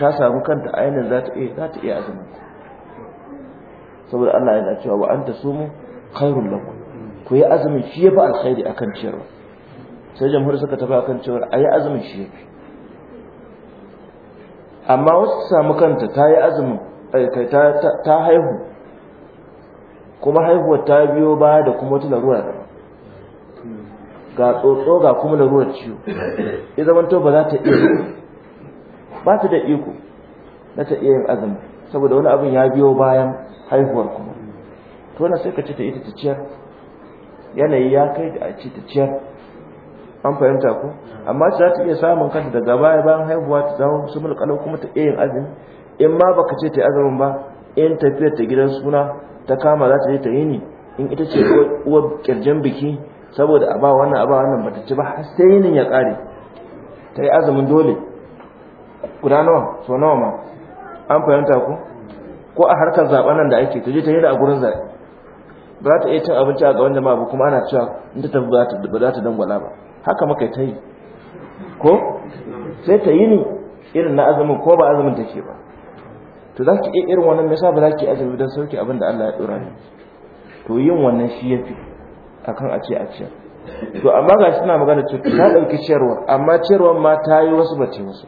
ta samu kanta ainihin za ta iya za ta iya azumin saboda Allah yana cewa wa anta sumu khairul lakum ku yi azumin shi ya fi alkhairi akan ciyarwa sai jamhuri suka tafi akan ciyarwa ayi azumin shi fi. amma wasu samu kanta ta yi azumin eh, ta haihu kuma haihuwar ta biyo baya da kuma wata larura ga tsotso ga kuma ruwan ciwo ya zamanto ba za ta iya ba ta da iko na ta iya yin azumi saboda wani abin ya biyo bayan haihuwar kuma to na sai ka ta ita ta ciyar yanayi ya kai da a ci ta ciyar an fahimta ko amma za ta iya samun kanta daga baya bayan haihuwa ta zama su mulkalau kuma ta iya yin azumi in ma baka ce ta yi azumin ba in tafiyar ta gidan suna ta kama za ta je ta yi ne in ita ce uwar kirjin biki saboda a ba wannan a ba wannan bata ci ba har sai yinin ya kare ta yi azumin dole guda nawa so nawa ma an fahimta ku ko a harkar zaɓen nan da ake ta je ta yi da a gurin zai ba ta iya cin abinci a gaban jama'a ba kuma ana cewa in ta tafi ba za ta dangwala ba haka makai ta yi ko sai ta yi ni irin na azumin ko ba azumin take ba to za ki iya irin wannan me yasa ba za ki azumi don sauke abin da Allah ya dora ni to yin wannan shi yafi akan a ce a ciyar to amma ga shi suna magana ce ta ɗauki ciyarwar amma ciyarwar ma ta yi wasu bace wasu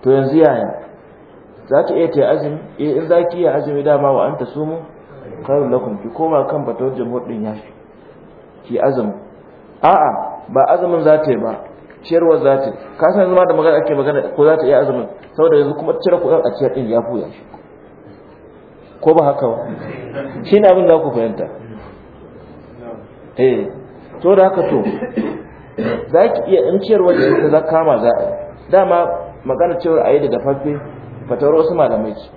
to yanzu yaya za ta iya ta azumi eh, in za ki yi azumi dama wa an ta sumu kawai lakum ki koma kan fatawar jamhur ɗin ya fi ki azumi a'a ba azumin za ta yi ba ciyarwar za ta yi ka san zama da magana ake magana ko za ta iya azumin saboda yanzu kuma cire kuɗin a ciyar ɗin ya fi shi ko ba haka ba shi ne abin da ku fahimta eh to da haka to za ki iya in ciyarwa da ta za kama za a dama magana cewar a yi da dafaffe fatar wasu malamai ce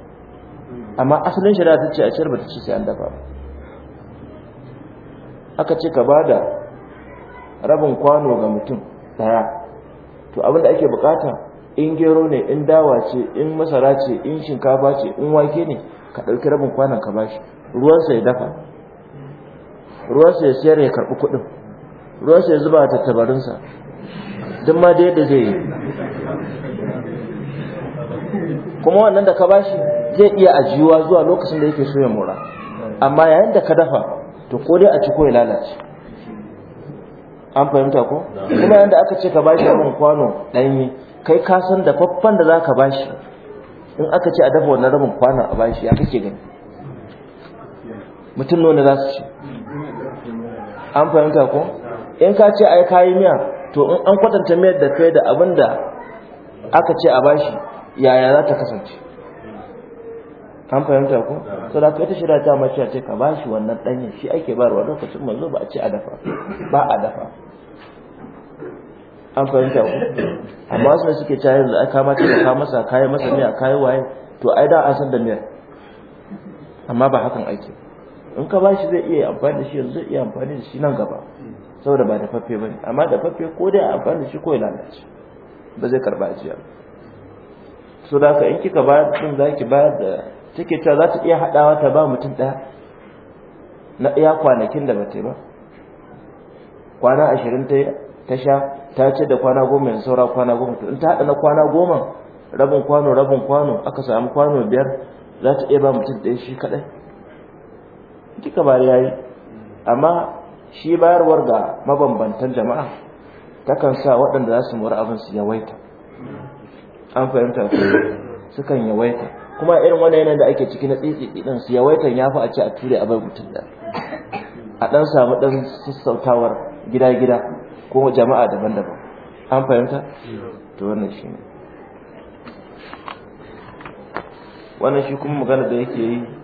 amma asalin shari'a ta ce a ciyar ba ta ce sai an dafa aka ce ka ba da rabin kwano ga mutum daya to abinda ake bukata in gero ne in dawa ce in masara ce in shinkafa ce in wake ne ka ɗauki rabin kwanon ka bashi ruwansa ya dafa ruwansa ya siyar ya karɓi kuɗin ruwansa ya zuba a tattabarinsa duk ma da yadda zai yi kuma wannan da ka bashi zai iya ajiyuwa zuwa lokacin da yake so ya mura amma yayin da ka dafa to ko dai a ci ko ya lalace an fahimta ko kuma yanda aka ce ka bashi abin kwano ɗanyi kai ka san da faffan da za ka bashi in aka ce a dafa wannan rabin kwano a bashi ya kake gani mutum nuna za su ci an fahimta ko in ka ce ai kayi miya to in an kwatanta miyar da kai da abin da aka ce a bashi yaya za ta kasance an fahimta ko to da kai ta shirya ta mace ce ka bashi wannan danyen shi ake barwa lokacin manzo ba a ce a dafa ba a dafa an fahimta ku amma wasu ne suke cayar da aka mace da ka masa kayi masa miya kayi waye to ai da an san da miyar amma ba hakan ake in ka bashi zai iya amfani da shi yanzu zai iya amfani da shi nan gaba saboda ba da ba bane amma da faffe ko dai amfani da shi ko ya lalace ba zai karba ajiya so da ka in kika ba din zaki ba da take cewa za ta iya hadawa ta ba mutum ɗaya na iya kwanakin da bata yi ba kwana ashirin ta ta sha ta ce da kwana goma yanzu saura kwana goma to in ta hada na kwana goma rabin kwano rabin kwano aka samu kwano biyar za ta iya ba mutum ɗaya shi kaɗai duka bari yayi amma shi bayarwar ga mabambantan jama'a takan sa waɗanda za su mura abin su yawaita an fahimta ko sukan yawaita kuma irin wannan yanayin da ake ciki na tsitsi din su ya fi a ce a ture a bar mutum da a dan samu dan sassautawar gida-gida ko jama'a daban-daban an fahimta to wannan shi ne. wannan shi kuma magana da yake yi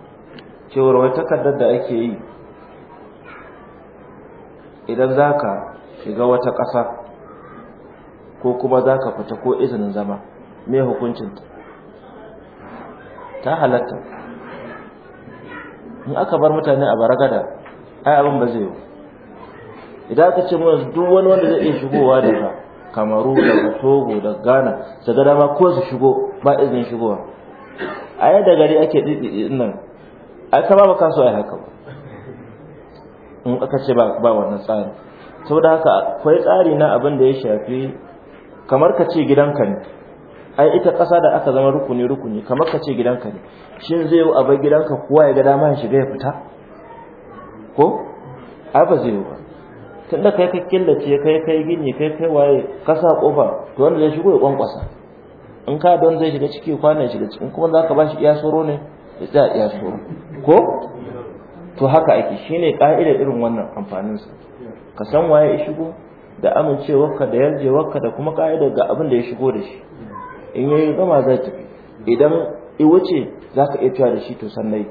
cewar wai takardar da ake yi idan za ka shiga wata ƙasa ko kuma za ka fita ko izinin zama mai hukuncinta ta halatta in aka bar mutane a baragada ai abin ba zai yi idan aka ce mana duk wani wanda zai iya shigowa daga kamaru daga togo da ghana su ga dama ko su shigo ba izinin shigowa a yadda gari ake ɗiɗi nan ai ka ba ba kaso ai haka in aka ce ba wannan tsari saboda haka akwai tsari na abin da ya shafi kamar ka ce gidanka ne ai ita ƙasa da aka zama rukuni rukuni kamar ka ce gidanka ne shin zai yi abin gidanka kowa ya ga dama ya shiga ya fita ko ai ba zai yi ba tun da kai ka killace kai kai gini kai kai waye kasa kofa to wanda zai shigo ya kwankwasa in ka don zai shiga ciki kwana shiga ciki kuma za ka ba shi iya soro ne ya tsaya iya soro ko to haka ake shine ka'idar irin wannan amfanin sa ka san waye ya shigo da amincewarka da yarjewarka da kuma ka'idar ga abin da ya shigo da shi in yayi gama zai tafi idan i wuce zaka iya tuwa da shi to sannai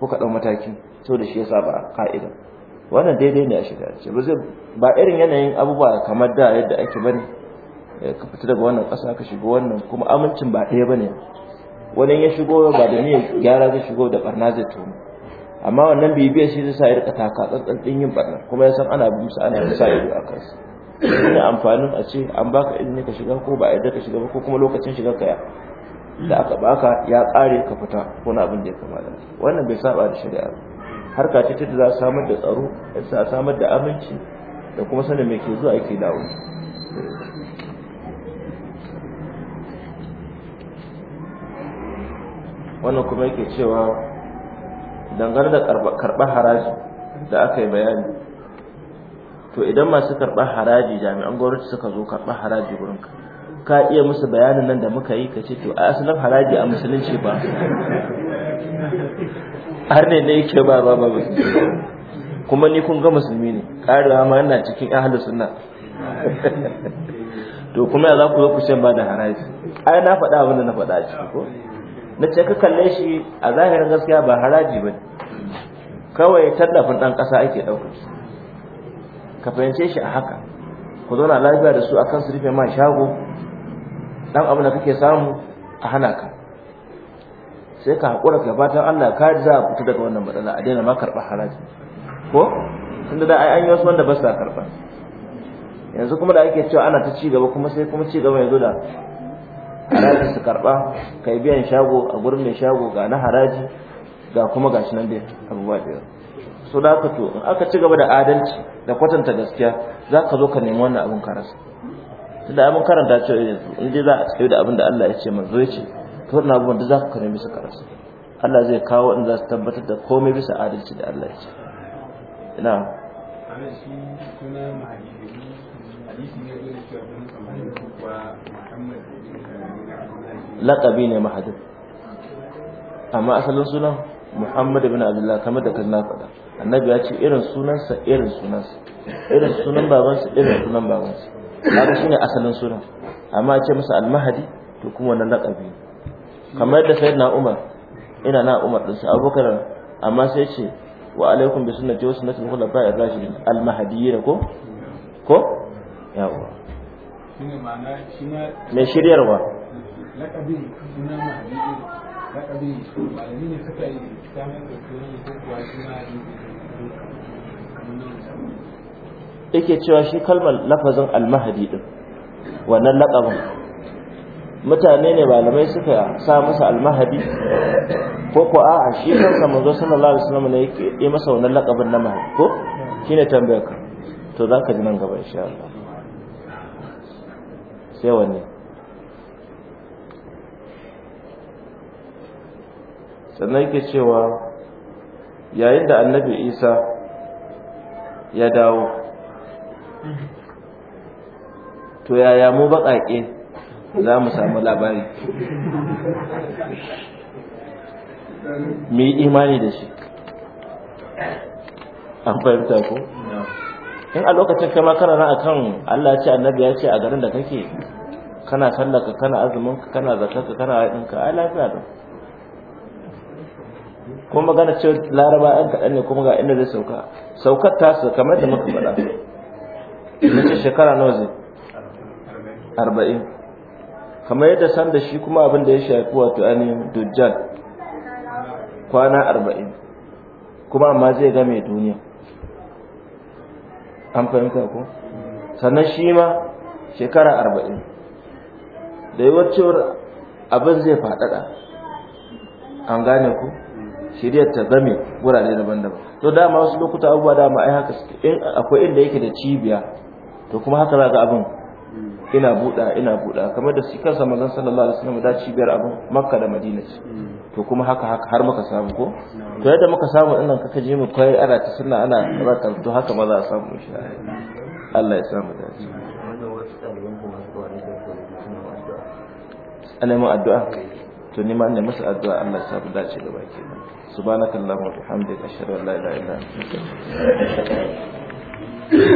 ko ka dau mataki to da shi ya saba ka'ida wannan daidai ne a shiga ce ba zai ba irin yanayin abubuwa kamar da yadda ake bane eh, ka fita daga wannan ƙasa ka shigo wannan kuma amincin ba ɗaya bane wani ya shigo ba da niyyar gyara zai shigo da barna zai tono amma wannan bibiyar shi zai sa ya rika taka tsantsan din yin barna kuma ya san ana bin sa ana sa ido a kansa ina amfanin a ce an baka izini ka shiga ko ba a yarda ka shiga ba ko kuma lokacin shiga ka ya da aka baka ya kare ka fita ko na abin da ya kamata wannan bai saba da shari'a harka ce za a samar da tsaro za samar da aminci da kuma sanin me ke zuwa ke dawo wannan kuma yake cewa dangane da karɓar haraji da aka yi bayani to idan masu karɓar haraji jami'an gwamnati suka zo karɓar haraji wurin ka ka iya musu bayanin nan da muka yi ka ce to a asalin haraji a musulunci ba har ne ne yake ba ba ba kuma ni kun ga musulmi ne ƙarewa ma yana cikin ahalus sunna to kuma ya za ku zo ku ba da haraji ai na faɗa abin da na faɗa a ciki ko na ce ka kalle shi a zahirin gaskiya ba haraji ba kawai tallafin ɗan ƙasa ake ɗauka ka fahimce shi a haka ku zauna lafiya da su akan su rufe ma shago ɗan abin da kake samu a hana ka sai ka haƙura ka fatan Allah ka za a fita daga wannan matsala a daina ma karɓa haraji ko tunda da an yi wasu wanda ba sa karɓa yanzu kuma da ake cewa ana ta ci gaba kuma sai kuma ci gaba ya zo da haraji su karba kai biyan shago a gurin mai shago ga na haraji ga kuma gashi nan dai abubuwa da so da aka to in aka ci gaba da adalci da kwatanta gaskiya za ka zo ka nemi wannan abin karasa tunda abin karanta ce yanzu in dai za a tsaye da abin da Allah ya ce manzo ya ce to wannan abubuwan da za ka nemi su karasa Allah zai kawo in za su tabbatar da komai bisa adalci da Allah ya ce ina hadisi ne da cewa Muhammad laƙabi ne mahadin amma asalin sunan muhammad ibn abdullah kamar da kan na faɗa annabi ya ce irin sunansa irin sunansa irin sunan babansa irin sunan babansa kaga shine asalin sunan amma a ce masa almahadi to kuma wannan laƙabi kamar yadda sayyidina umar ina na umar din sa abubakar amma sai ce wa alaikum bi sunnati wa sunnati al-khulafa'i ar-rashidin al-mahdiyyin ko ko yawa shine ma'ana shine mai shiryarwa lakabin suna mahadi lakabin malami ne suka yi samun da sunan ko kuwa suna yi yake cewa shi kalmar lafazin almahadi din wannan lakabin mutane ne malamai suka sa masa almahadi ko ko a'a shi kansa manzo sallallahu alaihi wasallam ne yake yi masa wannan lakabin na mahadi ko shine tambayar ka to zaka ji nan gaba insha Allah sai wanne sannan yake cewa yayin da annabi isa ya dawo to yaya mu baƙaƙe za mu samu labari mu yi imani da shi an fahimta ko in a lokacin kama kana na akan Allah ce annabi ya ce a garin da kake kana sallaka kana azumin kana zakarka kana haɗinka a lafiya da kuma magana cewa laraba an kaɗan ne kuma ga inda zai sauka saukar su kamar da muka faɗa na ce shekara nawa zai arba'in kamar yadda san da shi kuma abin da ya shafi wato ainihin dujjal kwana arba'in kuma amma zai ga mai duniya an fahimta ko sannan shi ma shekara arba'in da yiwuwar cewar abin zai faɗaɗa an gane ku shiriyar ta zame wurare daban-daban to dama wasu lokuta abubuwa dama ai haka suke in akwai inda yake da cibiya to kuma haka za ga abin ina buɗa ina buɗa kamar da shi kansa manzon sallallahu alaihi wasallam da cibiyar abin makka da madina ce to kuma haka haka har muka samu ko to yadda muka samu din nan kaka je mu kai ana ta sunna ana raka to haka ba za a samu insha Allah ya samu dace ana mu addu'a to ni ma ne masa addu'a Allah ya samu dace da baki subhanakallahumma wa bihamdika ashhadu an la ilaha illa anta